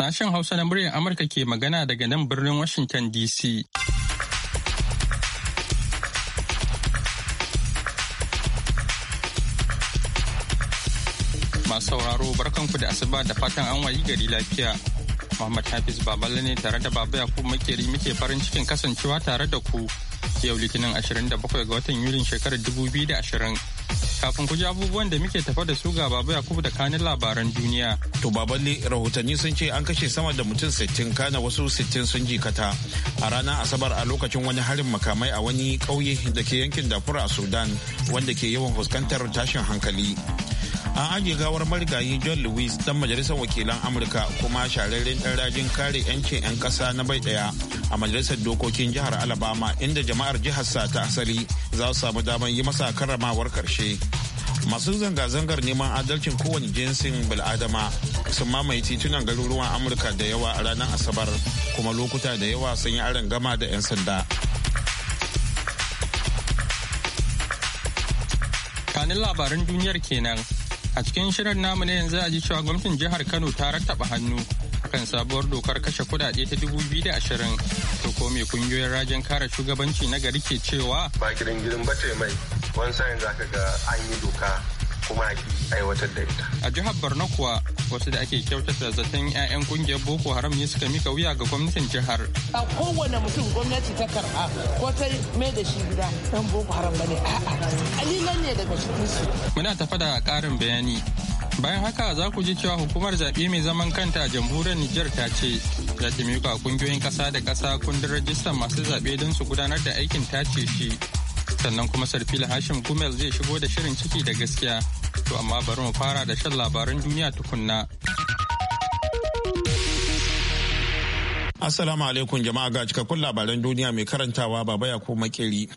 Sashen Hausa na muryar Amurka ke magana daga nan birnin Washington DC. Masu sauraro barkanku da asuba da fatan an wayi gari lafiya. Muhammad Hafiz Baballe ne tare da Baba Yakubu Makeri muke farin cikin kasancewa tare da ku. Yau Litinin 27 ga watan Yulin shekarar 2020 Kafin ku ji abubuwan da muke tafa da su ga Baba Yakubu da kanin labaran duniya. To baballe rahotanni sun ce an kashe sama da mutum sittin kana wasu sittin sun jikata a ranar Asabar a lokacin wani harin makamai a wani ƙauye da ke yankin Dafur a Sudan wanda ke yawan fuskantar tashin hankali. an ajiye gawar marigayi john lewis dan majalisar wakilan amurka kuma shararren dan rajin kare 'yancin 'yan kasa na bai daya a majalisar dokokin jihar alabama inda jama'ar jihar sa ta asali za su samu damar yi masa karramawar karshe masu zanga-zangar neman adalcin kowane jinsin bil'adama sun mamaye titunan garuruwan amurka da yawa a ranar asabar kuma lokuta da yawa sun yi aron gama da 'yan sanda kanin labaran duniyar kenan A cikin shirin namu ne yanzu a ji cewa gwamnatin jihar Kano ta rattaba hannu kan sabuwar dokar kashe kudade ta 2020 to ko mai kungiyoyin rajin kare shugabanci na gari ke cewa ba gidan gidan bace mai wani sa'in ka ga an yi doka kuma a aiwatar da ita. A jihar Borno kuwa wasu da ake da zaton 'ya'yan kungiyar Boko Haram ne suka mika wuya ga gwamnatin jihar. A kowane mutum gwamnati ta karɓa ko ta mai da shi gida ɗan Boko Haram ne a'a kalilan ne daga cikinsu. Muna tafa da ƙarin bayani bayan haka za ku ji cewa hukumar zaɓe mai zaman kanta jamhuriyar Nijar ta ce za ta miƙa ƙungiyoyin ƙasa da ƙasa kundin rajistar masu zaɓe don su gudanar da aikin tace shi sannan kuma sarfila hashim gumel zai shigo da shirin ciki da gaskiya to amma bari mu fara da shan labaran duniya tukunna assalamu alaikum jama'a ga cikakkun labaran duniya mai karantawa baba ya ko makeri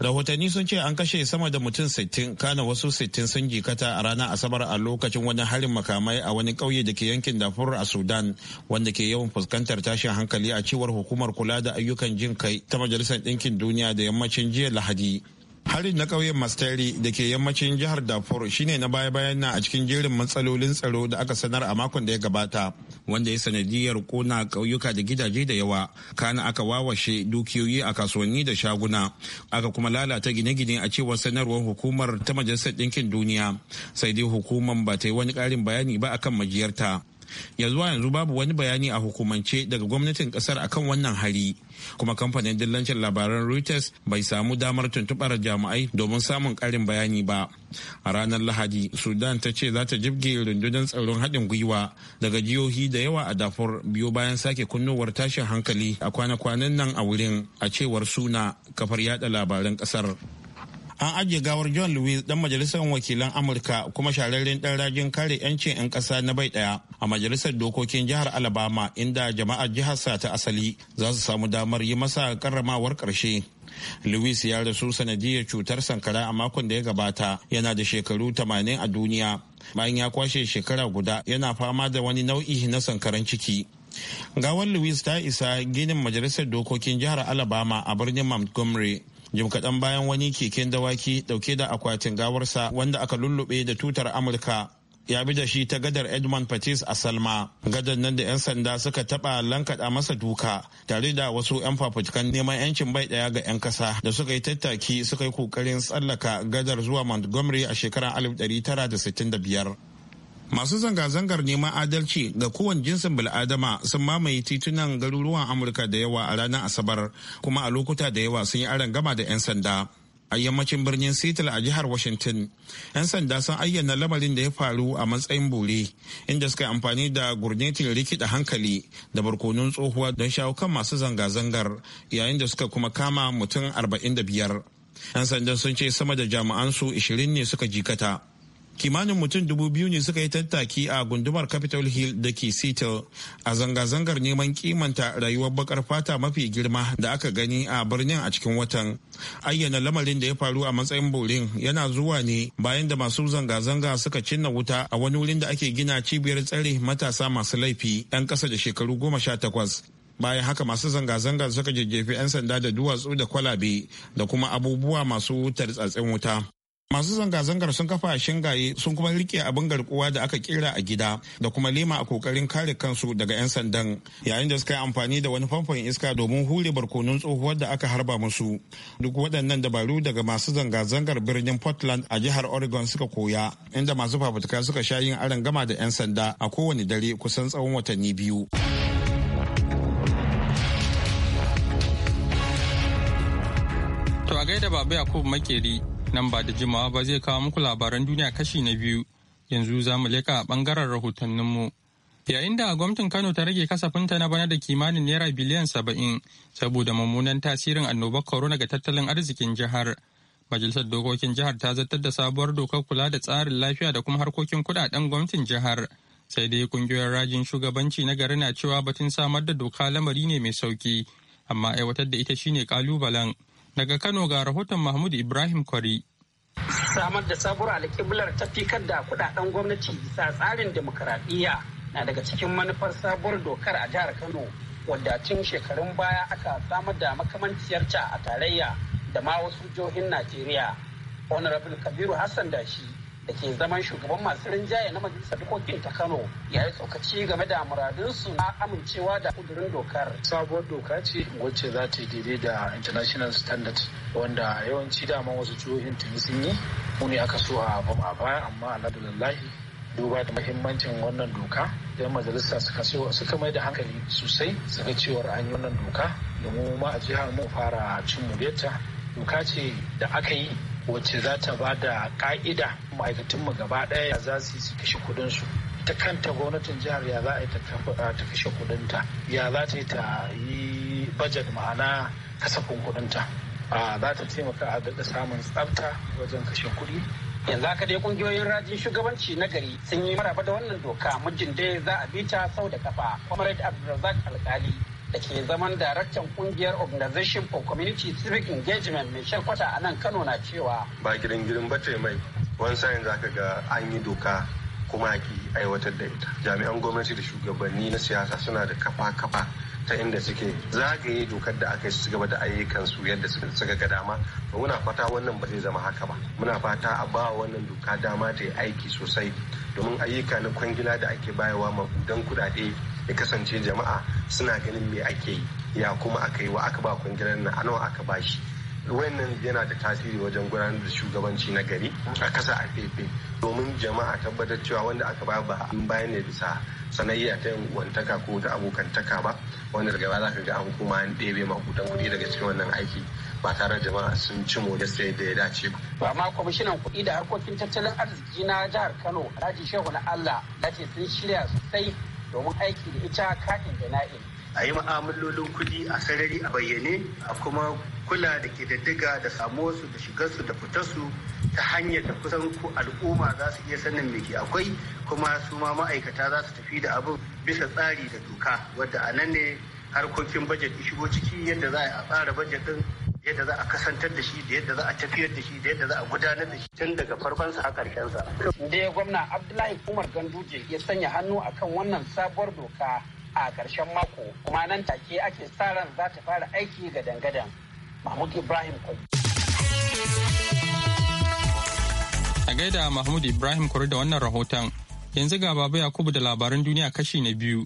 rahotanni sun ce an kashe sama da mutum 60 kana wasu 60 sun jikata a ranar asabar a lokacin wani harin makamai a wani ƙauye da ke yankin dafur a sudan wanda ke yawan fuskantar tashin hankali a cewar hukumar kula da ayyukan jin kai ta majalisar ɗinkin duniya da yammacin jiya lahadi harin na ƙauyen mastari da ke yammacin jihar darfur shine na baya-bayan na a cikin jerin matsalolin tsaro da aka sanar a makon da ya gabata wanda ya sanadiyar kona ƙauyuka da gidaje da yawa kana aka wawashe dukiyoyi a kasuwanni da shaguna aka kuma lalata gine-gine a cewar sanarwar hukumar ta majalisar ɗinkin duniya sai dai hukumar ba ta yi wani ƙarin bayani ba akan majiyarta yanzu zuwa yanzu babu wani bayani a hukumance daga gwamnatin kasar akan wannan hari kuma kamfanin dillancin labaran reuters bai samu damar tuntubar jami'ai domin samun karin bayani ba a ranar lahadi sudan ta ce za ta jibge rundunar tsaron haɗin gwiwa daga jihohi da yawa a dafur biyo bayan sake kunnowar tashin hankali a kwana-kwanan nan a wurin a cewar suna kafar yada labaran kasar an ajiye gawar john lewis dan majalisar wakilan amurka kuma shahararren dan rajin kare 'yancin 'yan ƙasa na bai ɗaya a majalisar dokokin jihar alabama inda jama'ar jiharsa ta asali za su samu damar yi masa karramawar karshe. lewis ya rasu sanadiyar cutar sankara a makon da ya gabata yana da shekaru 80 a duniya bayan ya kwashe shekara guda yana fama da wani nau'i na sankaran ciki gawar lewis ta isa ginin majalisar dokokin jihar alabama a birnin montgomery jim kaɗan bayan wani keken dawaki ɗauke da akwatin gawarsa wanda aka lullube da tutar amurka ya bi da shi ta gadar edmund patis a salma gadar nan da 'yan sanda suka taɓa lankaɗa masa duka tare da wasu 'yan fafutukan neman 'yancin bai ɗaya ga 'yan ƙasa da suka yi tattaki suka yi kokarin tsallaka gadar zuwa montgomery a shekarar 1965 masu zanga-zangar neman adalci ga kowane jinsin bil'adama sun mamaye titunan garuruwan amurka da yawa a ranar asabar kuma a lokuta da yawa sun yi aron gama da 'yan sanda a yammacin birnin seattle a jihar washington 'yan sanda sun ayyana lamarin da ya faru a matsayin bore inda suka amfani da gurnetin rikida hankali da barkonun tsohuwa don shawo kan masu zanga-zangar yayin da suka kuma kama mutum arba'in 45 'yan sanda sun ce sama da jami'an su ishirin ne suka jikata kimanin mutum dubu biyu ne suka yi tattaki a gundumar capitol hill da ke seattle a zanga-zangar neman kimanta rayuwar bakar fata mafi girma da aka gani a birnin a cikin watan ayyana lamarin da ya faru a matsayin borin yana zuwa ne bayan da masu zanga-zanga suka cinna wuta a wani wurin da ake gina cibiyar tsare matasa masu laifi 'yan kasa da shekaru goma sha takwas bayan haka masu zanga-zangar suka jejjefi 'yan sanda da duwatsu da kwalabe da kuma abubuwa masu tartsatsin wuta masu zanga-zangar sun kafa shingaye sun kuma rike abin garkuwa da aka kera a gida da kuma lema a kokarin kare kansu daga 'yan sandan yayin da suka yi amfani da wani famfon iska domin hure barkonun tsohuwar da aka harba musu duk waɗannan dabaru daga masu zanga-zangar birnin portland a jihar oregon suka koya inda masu fafutuka suka sha yin aron gama da 'yan sanda a kowane dare kusan tsawon watanni biyu to a gaida babu Yakubu makeri Nan ba da jimawa ba zai kawo muku labaran duniya kashi na biyu yanzu za mu leka a ɓangaren rahotanninmu. Yayin da gwamnatin Kano ta rage kasafinta na bana da kimanin naira biliyan saba'in saboda mummunan tasirin annobar corona ga tattalin arzikin jihar. Majalisar dokokin jihar ta zartar da sabuwar dokar kula da tsarin lafiya da kuma harkokin kudaden gwamnatin jihar. Sai dai kungiyoyin rajin shugabanci na gari na cewa batun samar da doka lamari ne mai sauki, amma aiwatar da ita shine kalubalen. Daga Kano ga rahoton Mahmud Ibrahim Kwari. Samar da sabuwar alƙiblar kan da kudaden gwamnati bisa tsarin demokaradiyya na daga cikin manufar sabuwar dokar a jihar Kano wadda tun shekarun baya aka samar da makamanciyarta a tarayya da ma wasu jihohin Najeriya. Honorable Kabiru Hassan da shi da ke zaman shugaban masu rinjaye na majalisar dokokin ta kano ya yi tsokaci game da muradinsu na amincewa da kudurin dokar sabuwar doka ce wacce za ta yi daidai da international standard wanda yawanci dama wasu jihohin tuni sun yi mu ne aka so a a baya amma alhamdulillah duba da mahimmancin wannan doka yan majalisa suka suka mai da hankali sosai suka cewar an yi wannan doka domin ma a jihar mu fara cin mu doka ce da aka yi wacce za ta ba da ka'ida ma'aikatanmu gaba ɗaya za su yi kashe kuɗinsu ta kanta gwamnatin jihar ya za a yi ta kashe kudinta ya za ta yi ta yi bajet ma'ana kasafin a za ta taimaka a daɗa samun tsafta wajen kashe kudi. yanzu haka dai kungiyoyin rajin shugabanci na gari sun yi maraba da wannan doka mijin dai za a bi ta sau da kafa kwamar abdulrazak alkali da ke zaman daraktan kungiyar Organization for Community Civic Engagement mai sharkwata a nan Kano na cewa. Ba gidan gidan ba mai wani sa'in za ka ga an yi doka kuma a ki aiwatar da ita. Jami'an gwamnati da shugabanni na siyasa suna da kafa-kafa ta inda suke zagaye dokar da aka yi su gaba da su yadda suka ga dama ba muna fata wannan ba zai zama haka ba muna fata a ba wannan doka dama ta yi aiki sosai domin ayyuka na kwangila da ake bayarwa don kudade ya kasance jama'a suna ganin me ake yi ya kuma aka yi wa aka ba kwangilar nan anawa aka ba shi wannan yana da tasiri wajen gudanar da shugabanci na gari a kasa a fefe domin jama'a tabbatar cewa wanda aka ba ba an bayan ne bisa sanayya ta wantaka ko ta abokantaka ba wanda daga baya ka ga an kuma an ɗebe makutan kuɗi daga cikin wannan aiki ba tare jama'a sun ci moda sai da ya dace ba. ba ma kwamishinan kuɗi da harkokin tattalin arziki na jihar kano alhaji shehu na allah ya ce sun shirya sosai domin aiki da ita ka'in da na'in. A yi ma'amalolin kuɗi a sarari a bayyane a kuma kula da ke daddiga da su da shigarsu da su ta hanyar da kusan ku al'umma za su iya sanin me ke akwai kuma su ma ma'aikata za su tafi da abin bisa tsari da doka wadda a nan ne harkokin bajet shigo ciki yadda za a tsara bajet din yadda za a kasantar da shi da yadda za a tafiyar da shi da yadda za a gudanar da shi tun daga farkonsa a ƙarshensa. da ya gwamna abdullahi umar ganduje ya sanya hannu akan wannan sabuwar doka a karshen mako kuma nan take ake sa ran za ta fara aiki ga dangadan mahmud ibrahim kwai. a gaida mahmud ibrahim kwari da wannan rahoton yanzu ga baba yakubu da labaran duniya kashi na biyu.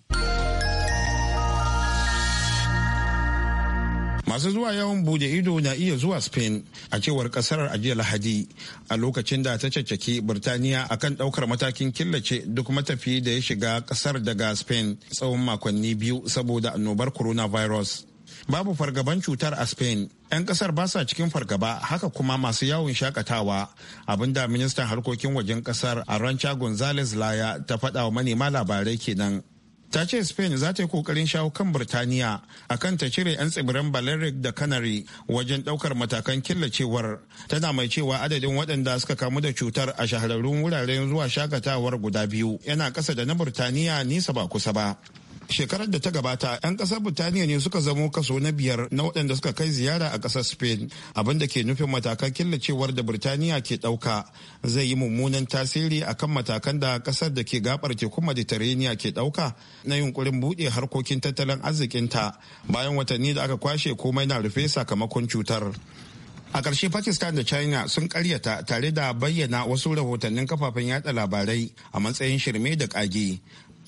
masu zuwa yawon bude ido na iya zuwa spain a cewar kasar ajiyar jiya lahadi a lokacin da ta caccaki birtaniya akan daukar matakin killace duk matafi da ya shiga kasar daga spain tsawon makonni biyu saboda annobar coronavirus babu fargaban cutar a spain 'yan kasar ba sa cikin fargaba haka kuma masu yawon shakatawa abinda ministan harkokin wajen kasar arancha gonzales laya ta faɗa wa manema labarai kenan ta ce spain za ta yi kokarin shawo kan birtaniya akan ta cire 'yan tsibiran balearic da canary wajen daukar matakan killacewar tana mai cewa adadin waɗanda suka kamu da cutar a shahararrun wuraren zuwa shakatawar guda biyu yana ƙasa da na birtaniya nisa ba kusa ba shekarar da ta gabata 'yan kasar birtaniya ne suka zamo kaso na biyar na waɗanda suka kai ziyara a ƙasar spain abin da ke nufin matakan killacewar da birtaniya ke ɗauka zai yi mummunan tasiri a kan matakan da ƙasar da ke gabar tekun mediterranean ke ɗauka na yunkurin buɗe harkokin tattalin arzikinta bayan watanni da aka kwashe komai na rufe sakamakon cutar a ƙarshe pakistan da china sun karyata tare da bayyana wasu rahotannin kafafen yada labarai a matsayin shirme da ƙage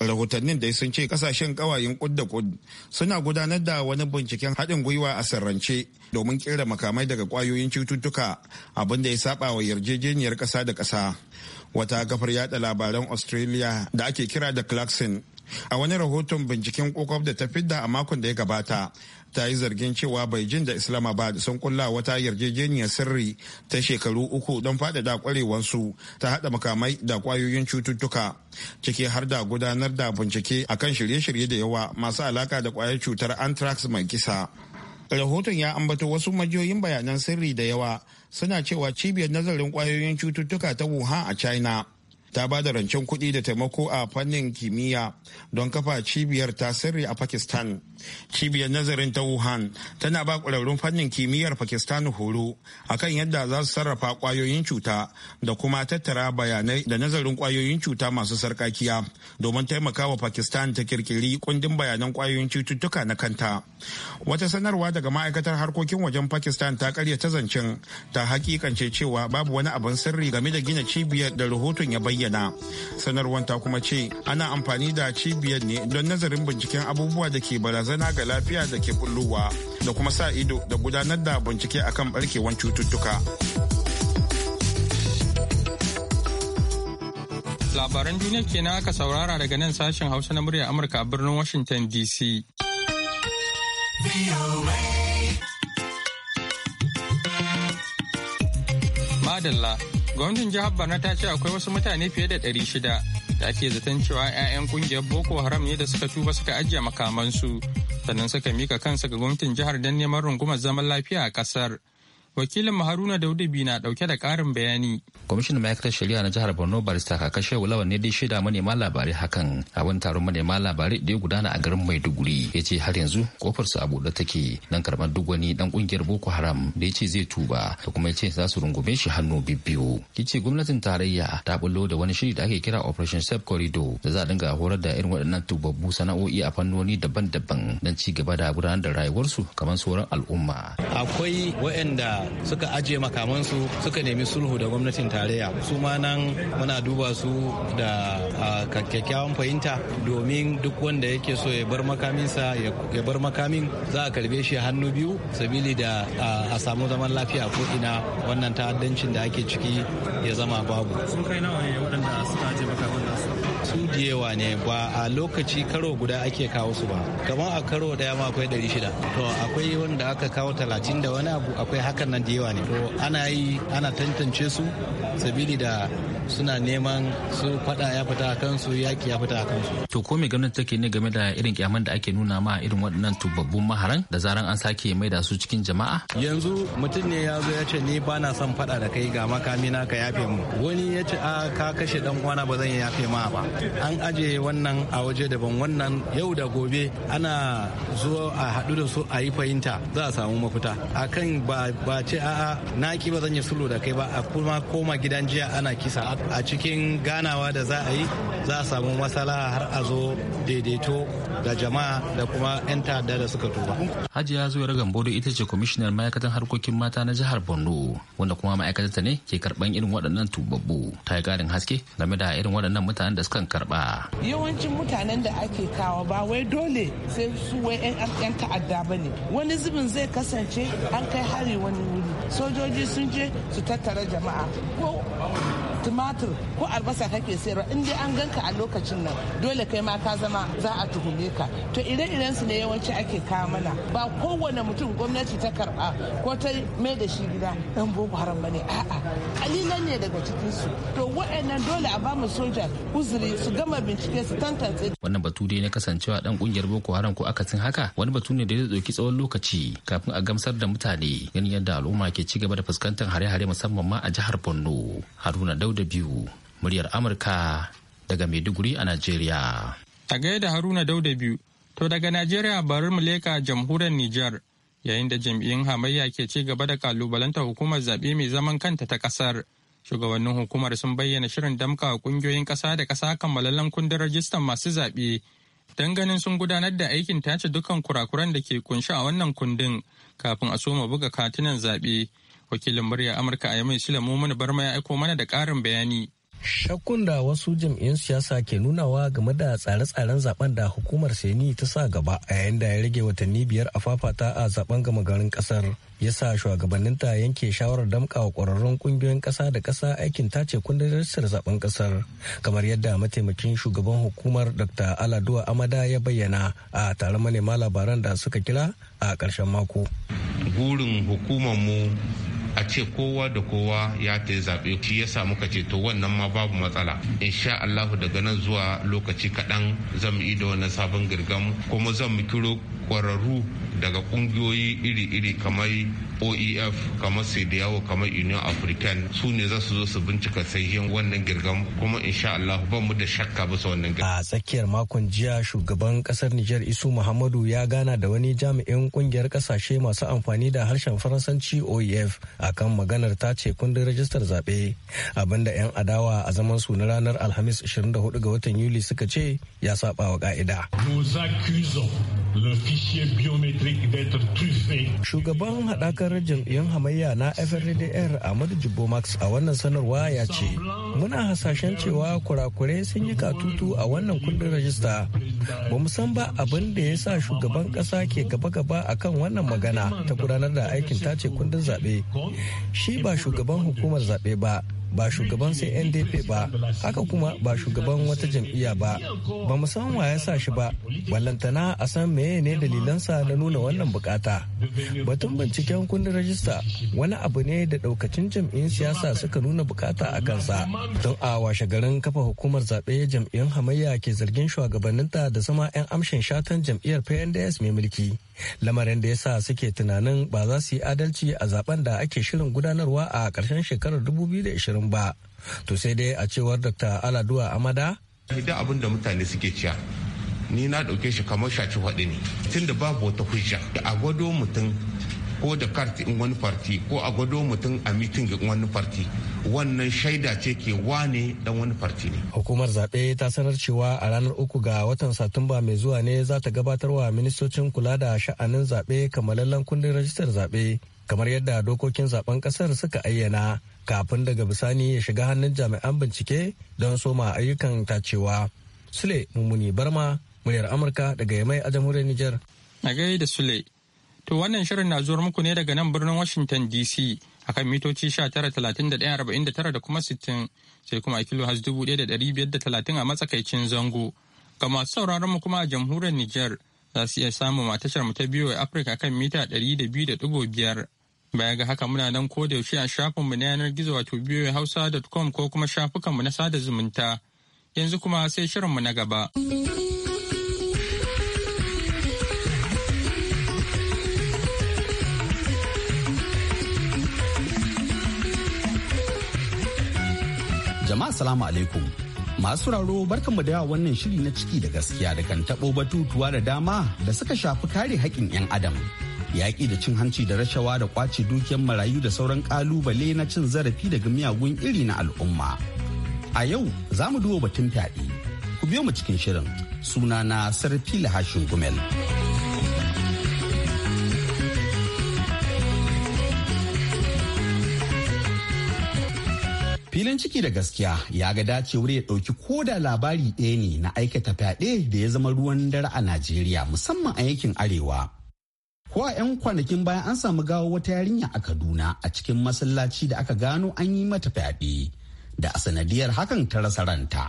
rahotannin dai sun ce kasashen kawayen kud da kud suna gudanar da wani binciken haɗin gwiwa a sirrance domin kera makamai daga kwayoyin cututtuka abinda ya saba wa yarjejeniyar ƙasa da ƙasa wata kafar yada labaran australia da ake kira da clarkson a wani rahoton binciken kokof da ta fidda a makon da ya gabata ta yi zargin cewa beijing da islamabad sun kulla wata yarjejeniyar sirri ta shekaru uku don faɗaɗa kwarewarsu ta haɗa makamai da kwayoyin cututtuka ciki har da gudanar da bincike akan shirye-shirye da yawa masu alaka da kwayar cutar anthrax mai kisa rahoton ya ambato wasu majiyoyin bayanan sirri da yawa suna cewa cibiyar nazarin kwayoyin cututtuka ta wuhan a china ta ba da rancen kuɗi da taimako a fannin kimiyya don kafa cibiyar ta sirri a pakistan cibiyar nazarin ta wuhan tana ba ƙwararrun fannin kimiyyar pakistan horo akan yadda za su sarrafa ƙwayoyin cuta da kuma tattara bayanai da nazarin ƙwayoyin cuta masu sarkakiya domin taimakawa pakistan ta kirkiri kundin bayanan ƙwayoyin cututtuka na kanta wata sanarwa daga ma'aikatar harkokin wajen pakistan ta karya ta zancen ta hakikance cewa babu wani abin sirri game da gina cibiyar da rahoton ya bayyana sanarwar ta kuma ce ana amfani da cibiyar ne don nazarin binciken abubuwa da ke barazana barazana ga lafiya da ke bullowa da kuma sa ido da gudanar da bincike akan barkewan cututtuka. Labaran duniya kenan aka saurara daga nan sashen Hausa na murya Amurka a birnin Washington DC. Madalla, gwamnatin jihar Barna ta ce akwai wasu mutane fiye da 600 da ake zaton cewa 'ya'yan kungiyar boko haram ne da suka tuba suka ajiye makamansu sannan suka mika kansa ga gwamnatin jihar don neman rungumar zaman lafiya a kasar wakilin haruna daudabi na dauke da karin bayani kwamishinan ma'aikatar shari'a na jihar borno barista kakashe wulawa ne dai shaida manema labarai hakan a wani taron manema labarai da ya gudana a garin maiduguri ya ce har yanzu kofar su a buɗe take nan karɓar duk wani dan ƙungiyar boko haram da ya ce zai tuba da kuma ya ce za su rungume shi hannu bibbiyu ya ce gwamnatin tarayya ta bullo da wani shiri da ake kira operation safe corridor da za a dinga horar da irin waɗannan tubabbu sana'o'i a fannoni daban-daban don ci gaba da gudanar da rayuwarsu kamar sauran al'umma akwai waɗanda suka ajiye makamansu suka nemi sulhu da gwamnatin tarayya su ma nan muna duba su da kyakkyawan fahimta domin duk wanda yake so ya bar makaminsa ya bar makamin za a karbe shi hannu biyu sabili da a samu zaman lafiya ko ina wannan ta'addancin da ake ciki ya zama babu sun kai nawa ne waɗanda suka aje makamin su diyewa ne ba a lokaci karo guda ake kawo su ba kamar a karo daya ma akwai ɗari shida to akwai wanda aka kawo talatin da wani abu akwai hakan nan diyewa ne to ana yi ana tantance su sabili da suna neman su fada ya fita a kansu yaki ya fita a kansu. To ko me gwamnati take ne game da irin kyaman da ake nuna ma irin waɗannan tubabbun maharan da zaran an sake mai da su cikin jama'a? Yanzu mutum ne ya zo ya ce ni ba son fada da kai ga makami na ka yafe mu. Wani ya ce a ka kashe dan uwana ba zan yafe ma ba. An aje wannan a waje daban wannan yau da gobe ana zuwa a haɗu da su a yi fahimta za a samu mafita. Akan ba ce a'a naki ba zan yi sulhu da kai ba a kuma koma gidan jiya ana kisa a cikin ganawa da za a yi za a samu matsala har a zo daidaito ga jama'a da kuma 'yan ta'adda da suka tuba. Hajiya ragan bodo ita ce kwamishinar ma'aikatan harkokin mata na jihar Borno wanda kuma ta ne ke karban irin waɗannan tubabbu ta yi ƙarin haske game da irin waɗannan mutanen da suka karɓa. Yawancin mutanen da ake kawo ba wai dole sai su wai 'yan ta'adda ba ne wani zubin zai kasance an kai hari wani wuri sojoji sun je su tattara jama'a tumatur ko albasa kake sayarwa in dai an ganka a lokacin nan dole kai ma ka zama za a tuhume ka to ire-iren su ne yawanci ake kawo mana ba kowane mutum gwamnati ta karba ko ta mai da shi gida dan boko haram bane a'a kalilan ne daga cikin su to wa'annan dole a ba mu soja uzuri su gama bincike su tantance wannan batu dai na kasancewa dan kungiyar boko haram ko akasin haka wani batu ne da ya dauki tsawon lokaci kafin a gamsar da mutane ganin yadda al'umma ke cigaba da fuskantar hare-hare musamman ma a jihar Borno Haruna Dauda Dauda biyu muryar Amurka daga Maiduguri a Najeriya. A gaida Haruna Dauda biyu, to daga Najeriya bari mu leka jamhuriyar niger yayin da jam'iyyun hamayya ke ci gaba da kalubalanta hukumar zaɓe mai zaman kanta ta ƙasar. Shugabannin hukumar sun bayyana shirin damka ƙungiyoyin ƙasa da ƙasa kammalallen kundin rajistan masu zaɓe don ganin sun gudanar da aikin tace dukkan kurakuran da ke kunshi a wannan kundin kafin a soma buga katunan zaɓe wakilin murya amurka a yamai sila mumuni barma ya aiko mana da ƙarin bayani shakkun da wasu jam'iyyun siyasa ke nunawa game da tsare-tsaren zaben da hukumar sani ta sa gaba a yayin da ya rage watanni biyar a fafata a zaben gama garin kasar ya sa ta yanke shawarar damka wa ƙwararrun ƙungiyoyin ƙasa da ƙasa aikin tace kundin rajistar zaben ƙasar kamar yadda mataimakin shugaban hukumar dr aladuwa amada ya bayyana a taron manema labaran da suka kira a ƙarshen mako gurin hukumar mu a ce kowa da kowa ya ta zaɓe shi ya sa muka ce to wannan ma babu matsala insha Allahu daga nan zuwa lokaci kaɗan zan yi da wannan sabon girgam kuma zan mu kiro ƙwararru daga kungiyoyi iri-iri kamar oef kamar sediyawo kamar union african su ne za su zo su bincika sahihin wannan girgam kuma insha Allah ba mu da shakka bisa wannan a tsakiyar makon jiya shugaban kasar niger Isu Muhammadu ya gana da wani jami'in kungiyar kasashe masu amfani da harshen faransanci oef akan maganar ta ce kundin rajistar zaɓe abinda 'yan adawa a zaman su na ranar alhamis 24 ga watan yuli suka ce ya saba wa ka'ida. le fichier biométrique d'être truffé. Shugaban haɗakar jam'iyyun hamayya na FRDR Ahmadu Jibbo Max a wannan sanarwa ya ce, Muna hasashen cewa kurakurai sun yi katutu a wannan kundin rajista. Ba mu san ba abin da ya sa shugaban ƙasa ke gaba-gaba a kan wannan magana ta gudanar da aikin tace kundin zaɓe. Shi ba shugaban hukumar zaɓe ba. ba shugaban sai ndp ba haka kuma ba shugaban wata jam'iyya ba ba mu san wa ya sa shi ba ballantana a san meye ne dalilansa na nuna wannan bukata batun binciken kundin rajista wani abu ne da daukacin jam'iyyun siyasa suka nuna bukata a kansa don a washe garin kafa hukumar zaɓe jam'iyyun hamayya ke zargin shugabanninta da zama 'yan amshin shatan jam'iyyar pnds mai mulki lamarin da ya sa suke tunanin ba za su yi adalci a zaben da ake shirin gudanarwa a ƙarshen shekarar 2020 ba to sai dai a cewar dr aladuwa amada idan abin da mutane suke ciya ni na ɗauke shi kamar shaci faɗi ne tun da babu wata hujja a gwado mutum ko da karti in wani farti ko a gwado mutum a mitin wani farti wannan shaida ce ke wane dan wani farti ne hukumar zaɓe ta sanar cewa a ranar uku ga watan satumba mai zuwa ne za ta gabatar wa ministocin kula da sha'anin zaɓe kamalallen kundin rajistar zaɓe kamar yadda dokokin zaben kasar suka ayyana kafin daga bisani ya shiga hannun jami'an bincike don soma ayyukan tacewa sule mummuni barma muryar amurka daga yamai a jamhuriyar niger a gaida sule To wannan shirin na zuwar muku ne daga nan birnin Washington DC akan mitoci talatin da kuma sittin, sai kuma a kilo has 1,530 a matsakaicin zango. Ga masu sauraron mu kuma a jamhuriyar Nijar za su iya samun matashar mu ta biyu a Afirka kan mita ɗari da da biyu 200.5. Baya ga haka muna nan ko da yaushe a shafin mu na yanar gizo wato Hausa kom ko kuma shafukan mu na sada zumunta. Yanzu kuma sai shirin mu na gaba. Jama'a salamu alaikum. Masu raro barkanmu da yawa wannan shiri na ciki da gaskiya da kan tabo batutuwa da dama da suka shafi kare haƙƙin 'yan adam. Yaƙi da cin hanci da rashawa da kwace dukiyar marayu da sauran ƙalubale na cin zarafi daga miyagun iri na al'umma. A yau za mu duba batun fyaɗe. Ku biyo mu cikin shirin sunana Sarfila Hashin Gumel. filin ciki da gaskiya ya ga dacewar ya ɗauki ko da labari ɗaya ne na aikata fyaɗe da ya zama ruwan dare a najeriya musamman a yankin arewa ko a 'yan kwanakin bayan an samu gawo wata yarinya a kaduna a cikin masallaci da aka gano an yi mata fyaɗe da a sanadiyar hakan ta rasa ranta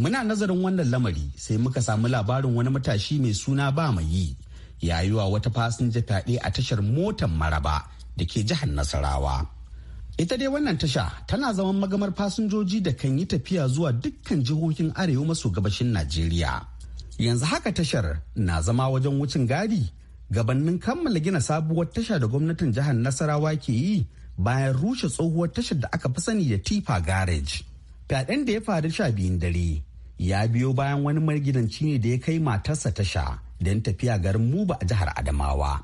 muna nazarin wannan lamari sai muka samu labarin wani matashi mai suna ba mai yi ya yi wata fasinja fyaɗe a tashar motar maraba da ke jihar nasarawa Ita dai wannan tasha tana zaman magamar fasinjoji da kan yi tafiya zuwa dukkan jihohin arewa maso gabashin Najeriya. Yanzu haka tashar na zama wajen wucin gadi gabanin kammala gina sabuwar tasha da gwamnatin jihar Nasarawa ke yi bayan rushe tsohuwar tashar da aka fi sani da Tifa Garage. Fyaɗen da ya faru sha biyun dare ya biyo bayan wani margidanci ne da ya kai matarsa tasha don tafiya garin Muba a jihar Adamawa.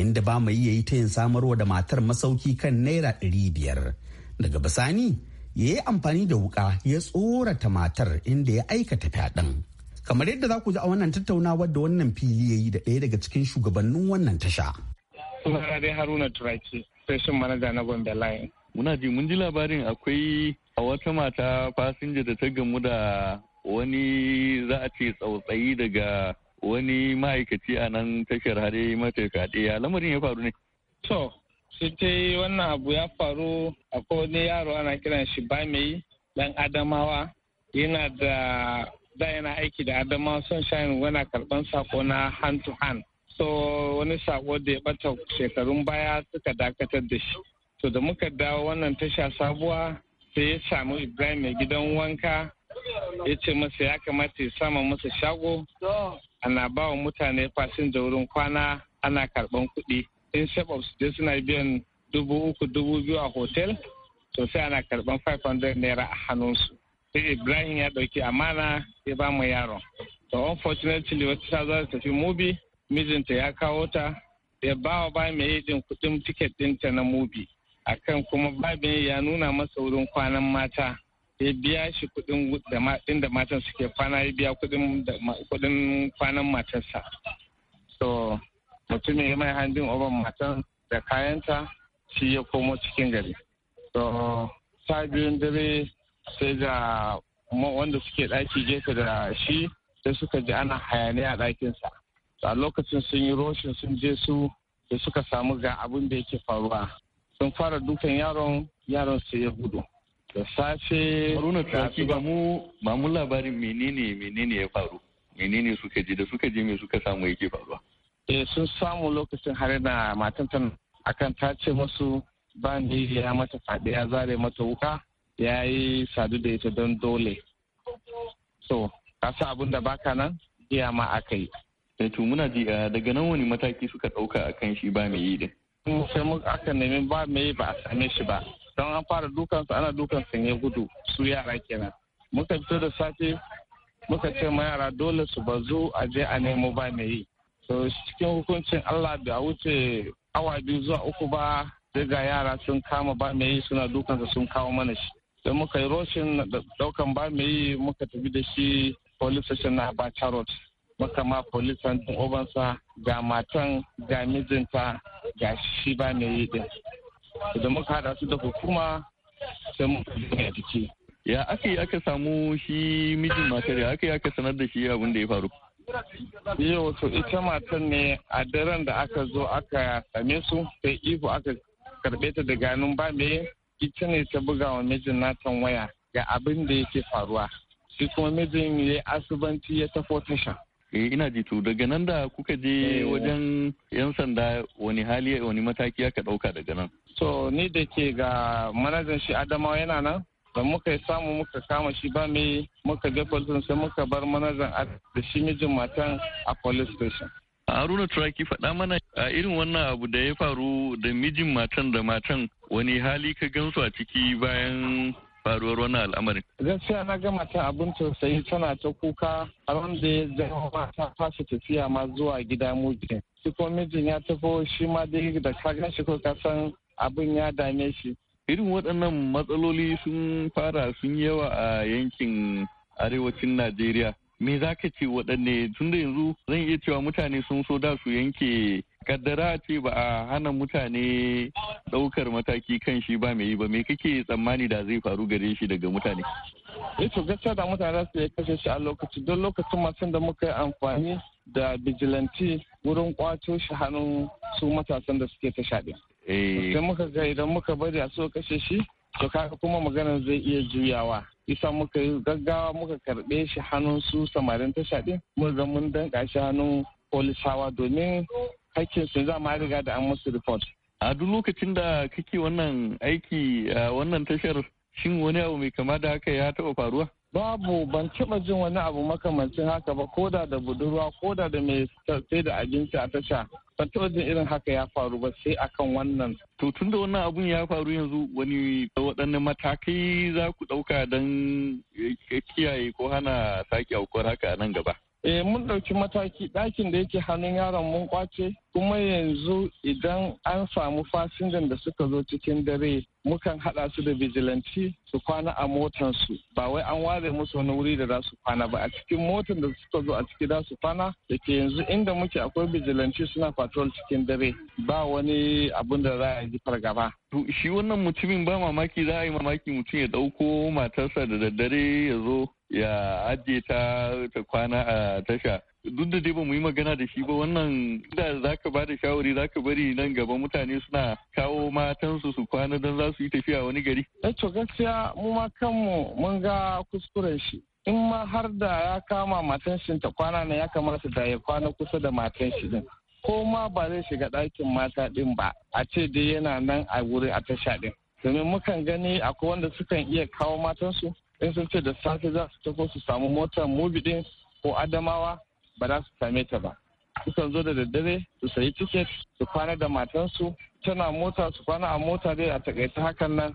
inda ba mai yayi ta yin samarwa da matar masauki kan naira ɗari biyar daga bisani ya yi amfani da wuka ya tsorata matar inda ya aikata fyaɗin kamar yadda za ku ji a wannan tattaunawar da wannan fili ya yi da ɗaya daga cikin shugabannin wannan tasha. Sunana dai Haruna Turaki, station manaja na Gombe Line. Muna ji mun ji labarin akwai a wata mata fasinja da ta gamu da wani za a ce tsautsayi daga wani ma'aikaci a nan tashar hare mata kaɗe ya lamarin ya faru ne. To, sai ta wannan abu ya faru a wani yaro ana kiran shi ba mai dan Adamawa yana da da yana aiki da Adamawa Sunshine wana karban sako na hand to hand. So wani sako da ya bata shekarun baya suka dakatar da shi. To da muka dawo wannan tasha sabuwa sai ya samu Ibrahim mai gidan wanka ya ce masa ya kamata ya sama masa shago ana ba wa mutane fasinja wurin kwana ana karban kuɗi in shabab of je suna biyan dubu uku dubu biyu a hotel to sai ana karban 500 naira a hannunsu sai ibrahim ya ɗauki amana ya ba mu yaron to unfortunately wata ta za tafi mubi mijinta ya kawo ta ya ba wa ba mai yajin kuɗin tiket ɗinta na mubi akan kuma babin ya nuna masa wurin kwanan mata ya biya shi kuɗin da matan suke kwana ya biya kuɗin kwanan matarsa so mutumin ya mai handin oban matan da kayanta shi ya komo cikin gari so ta biyun dare sai da wanda suke ɗaki gefe da shi sai suka ji ana hayaniya a ɗakinsa a lokacin sun yi roshin sun je su da suka samu ga abin da yake faruwa sun fara dukan yaron yaron sai ya gudu da safe kafin ba mu ba mu labarin menene menene ya faru menene suka je da suka je me suka samu yake faruwa eh sun samu lokacin har da matan tan akan ta ce musu ban ya mata fadi ya zare mata wuka ya yi sadu da ita don dole so ka sa abin da baka nan iya ma aka yi eh, to muna ji eh, daga nan wani mataki suka dauka akan shi ba mai yi din sai aka nemi ba mai ba a same shi ba don an fara dukansu ana su ne gudu su yara kenan muka fito da safe muka ce ma yara dole su bazu a je a nemo ba mai yi so cikin hukuncin allah da wuce awa biyu zuwa uku ba daga yara sun kama ba mai yi suna dukansa sun kawo mana shi sai muka yi roshin daukan ba mai yi muka tafi da shi police station na abacha road muka ma police obansa ga matan ga mijinta ga shi ba mai yi din da muka hada su da hukuma sai muka ya aka yi aka samu shi mijin matar ya aka yi aka sanar da shi abin da ya faru yau to ita matar ne a daren da aka zo aka same su sai ihu aka karbe ta daga ganin ba me ita ne ta buga wa mijin natan waya ga abin da yake faruwa shi kuma mijin ya asubanci ya tafo tasha eh ina ji to daga nan da kuka je eh. wajen yan sanda wani hali wani mataki aka dauka daga nan so ni da ke ga manajan shi adamawa yana nan da muka yi samu muka kama shi ba mai muka ga sai muka bar manajan da shi mijin matan a police station haruna turaki faɗa mana a irin wannan abu da ya faru da mijin matan da matan wani hali ka gansu a ciki bayan faruwar wannan al'amarin? Gaskiya na gama ta abin tausayi tana ta kuka a wanda ya zama ta fasa tafiya ma zuwa gida mujin. Shi mijin ya tafi shi ma dai da ka gan ko kasan abin ya dame shi. Irin waɗannan matsaloli sun fara sun yawa a yankin arewacin Najeriya. Me za ka ce waɗanne tun da yanzu zan iya cewa mutane sun so da su yanke kaddara ce ba a hana mutane daukar mataki kan shi ba mai yi ba me kake tsammani da zai faru gare shi daga mutane eh gaskiya da mutane su ya kashe shi a lokaci don lokacin masu da muka yi amfani da bijilanti wurin kwato shi hannun su matasan da suke ta shaɗe. Eh. sai muka ga idan muka bari a so kashe shi to kaga kuma maganar zai iya juyawa isa muka yi gaggawa muka karɓe shi hannun su samarin ta shaɗe mun ga mun danƙa shi hannun polisawa domin hakkin su za ma riga da an musu report a duk lokacin da kake wannan aiki a wannan tashar shin wani abu mai kama da haka ya taɓa faruwa babu ban taɓa jin wani abu makamancin haka ba koda da budurwa koda da mai sai da abinci a tasha ban taɓa jin irin haka ya faru ba sai akan wannan to tun da wannan abun ya faru yanzu wani waɗanne matakai za ku ɗauka don kiyaye ko hana sake aukuwar haka a nan gaba eh mun ɗauki mataki dakin da yake hannun yaron mun kwace kuma yanzu idan an samu fasinjan da suka zo cikin dare mukan haɗa su da vigilanti su kwana a motansu ba wai an ware musu wani wuri da za su kwana ba a cikin motan da suka zo a ciki za su kwana da ke yanzu inda muke akwai vigilanti suna patrol cikin dare ba wani abun da za a yi fargaba. shi wannan mutumin ba mamaki za a yi mamaki mutum ya dauko matarsa da daddare ya zo ya ajiye ta ta kwana a tasha duk da dai ba mu yi magana da shi ba wannan da za ka ba da shawari za ka bari nan gaba mutane suna kawo matansu su kwana don za su yi tafiya wani gari. Eh, to gaskiya mu ma kanmu mun ga kuskuren shi in ma har da ya kama matan shi ta kwana ne ya kamata da ya kwana kusa da matan shi din ko ma ba zai shiga ɗakin mata din ba a ce dai yana nan a wuri a tasha din domin mukan gani akwai wanda sukan iya kawo matansu in sun ce da safe za su tafi su samu motar mubi din ko adamawa ba za su same ta ba sukan zo da daddare su sayi tiket su kwana da matansu tana mota su kwana a mota dai a takaita hakan nan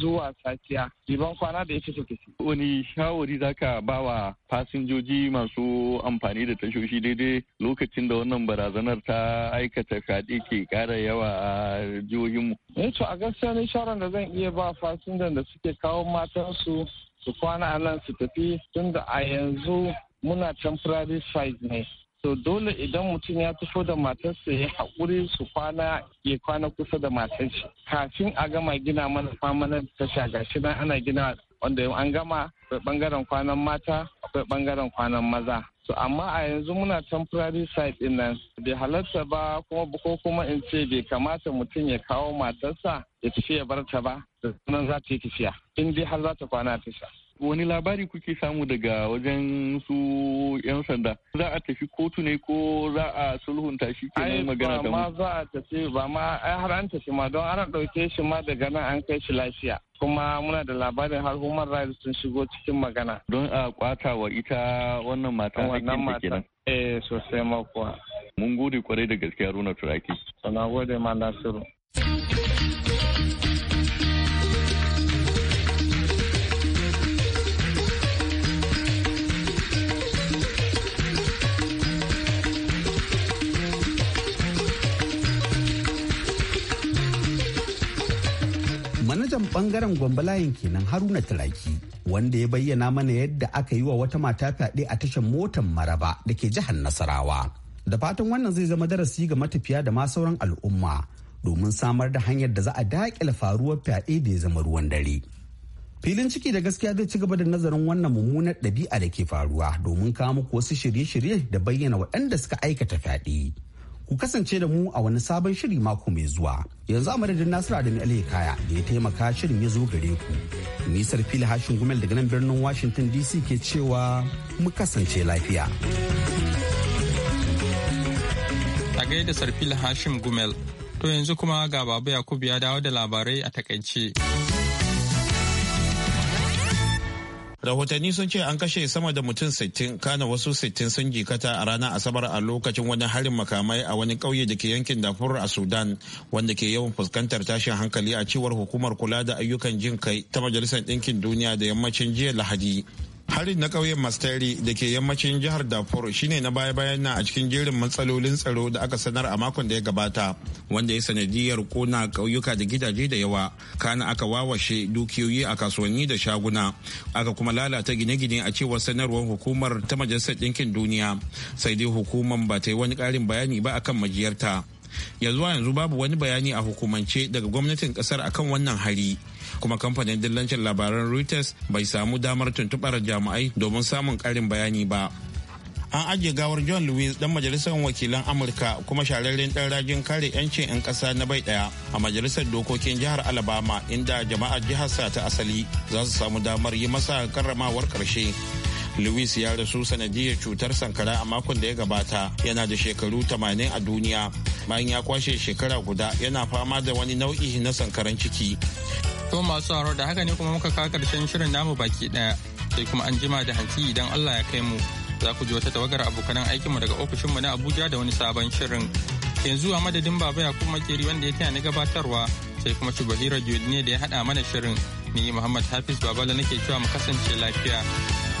zuwa safiya liban kwana da ita take wani shawari zaka ba wa fasinjoji masu amfani da tashoshi daidai lokacin da wannan barazanar ta aikata kaɗe ke ƙara yawa a jihohinmu. Eh to a gaskiya ne da zan iya ba fasinjan da suke kawo matansu su kwana a nan su tafi tunda a yanzu muna temporary site ne To dole idan mutum ya tafi da matarsa ya haƙuri su kwana ya kwana kusa da matar kafin a gama gina mana ta tasha shi nan ana gina wanda an gama akwai bangaren kwanan mata akwai bangaren kwanan maza To amma a yanzu muna temporary site din nan bai halarta ba kuma ko kuma in ce bai kamata mutum ya kawo matarsa ya tafi ya bar ta ba da sunan za ta yi tafiya in dai har za ta kwana tasha wani labari kuke samu daga wajen su 'yan sanda za a tafi kotu ne ko za a sulhunta shi ke nan magana da mu za a tafi ba ma ai har an tafi ma don ana ɗauke shi ma daga nan an kai shi lafiya kuma muna da labarin har human rights sun shigo cikin magana don a kwata wa ita wannan mata wannan mata eh sosai ma kuwa mun gode kwarai da gaskiya runa Turaki sana gode ma Nasiru Manajan bangaren gwambalayin kenan Haruna Turaki wanda ya bayyana mana yadda aka yi wa wata mata fyaɗe a tashar motar Maraba da ke jihar Nasarawa. Da fatan wannan zai zama darasi ga matafiya da ma sauran al'umma domin samar da hanyar da za a daƙile faruwar fyaɗe da ya zama ruwan dare. Filin ciki da gaskiya zai ci gaba da nazarin wannan mummunar ɗabi'a da ke faruwa domin kawo muku wasu shirye-shirye da bayyana waɗanda suka aikata fyaɗe. ku kasance da mu a wani sabon shiri mako mai zuwa yanzu a madadin nasira da mai kaya da ya taimaka shirin ya zo gare ku nisar fili hashin gumel daga nan birnin washington dc ke cewa mu kasance lafiya a gaida sarfil hashim gumel to yanzu kuma ga babu yakubu ya dawo da labarai a takaice. rahotanni sun ce an kashe sama da mutum 60 kana wasu 60 sun jikata a ranar asabar a lokacin wani harin makamai a wani kauye da ke yankin dafur a sudan wanda ke yawan fuskantar tashin hankali a cewar hukumar kula da ayyukan jin kai ta majalisar ɗinkin duniya da yammacin jiya lahadi harin na ƙauyen mastari da ke yammacin jihar darfur shine na baya-bayan na a cikin jerin matsalolin tsaro da aka sanar a makon da ya gabata wanda ya sanadiyar kona ƙauyuka da gidaje da yawa kana aka wawashe dukiyoyi a kasuwanni da shaguna aka kuma lalata gine-gine a cewar sanarwar hukumar ta majalisar ɗinkin duniya sai dai hukumar ba ta yi wani ƙarin bayani ba akan majiyarta yanzu yanzu babu wani bayani a hukumance daga gwamnatin ƙasar akan wannan hari kuma kamfanin dillancin labaran reuters bai samu damar tuntubar jami'ai domin samun karin bayani ba an ajiye gawar john lewis dan majalisar wakilan amurka kuma shararren dan rajin kare 'yancin 'yan kasa na bai daya a majalisar dokokin jihar alabama inda jama'ar jihar sa ta asali za su samu damar yi masa karramawar karshe lewis ya rasu sanadiyar cutar sankara a makon da ya gabata yana da shekaru 80 a duniya bayan ya kwashe shekara guda yana fama da wani nau'i na sankaran ciki To masu haro da haka ne kuma muka kawo karshen shirin namu baki daya sai kuma an jima da hanci idan Allah ya kai mu za ku ji wata tawagar abokanan mu daga mu na Abuja da wani sabon shirin. Yanzu a madadin Baba Yakubu Makeri wanda ya taya ni gabatarwa sai kuma Shubahira ne da ya hada mana shirin. Ni Muhammad Hafiz Babala nake cewa mu kasance lafiya.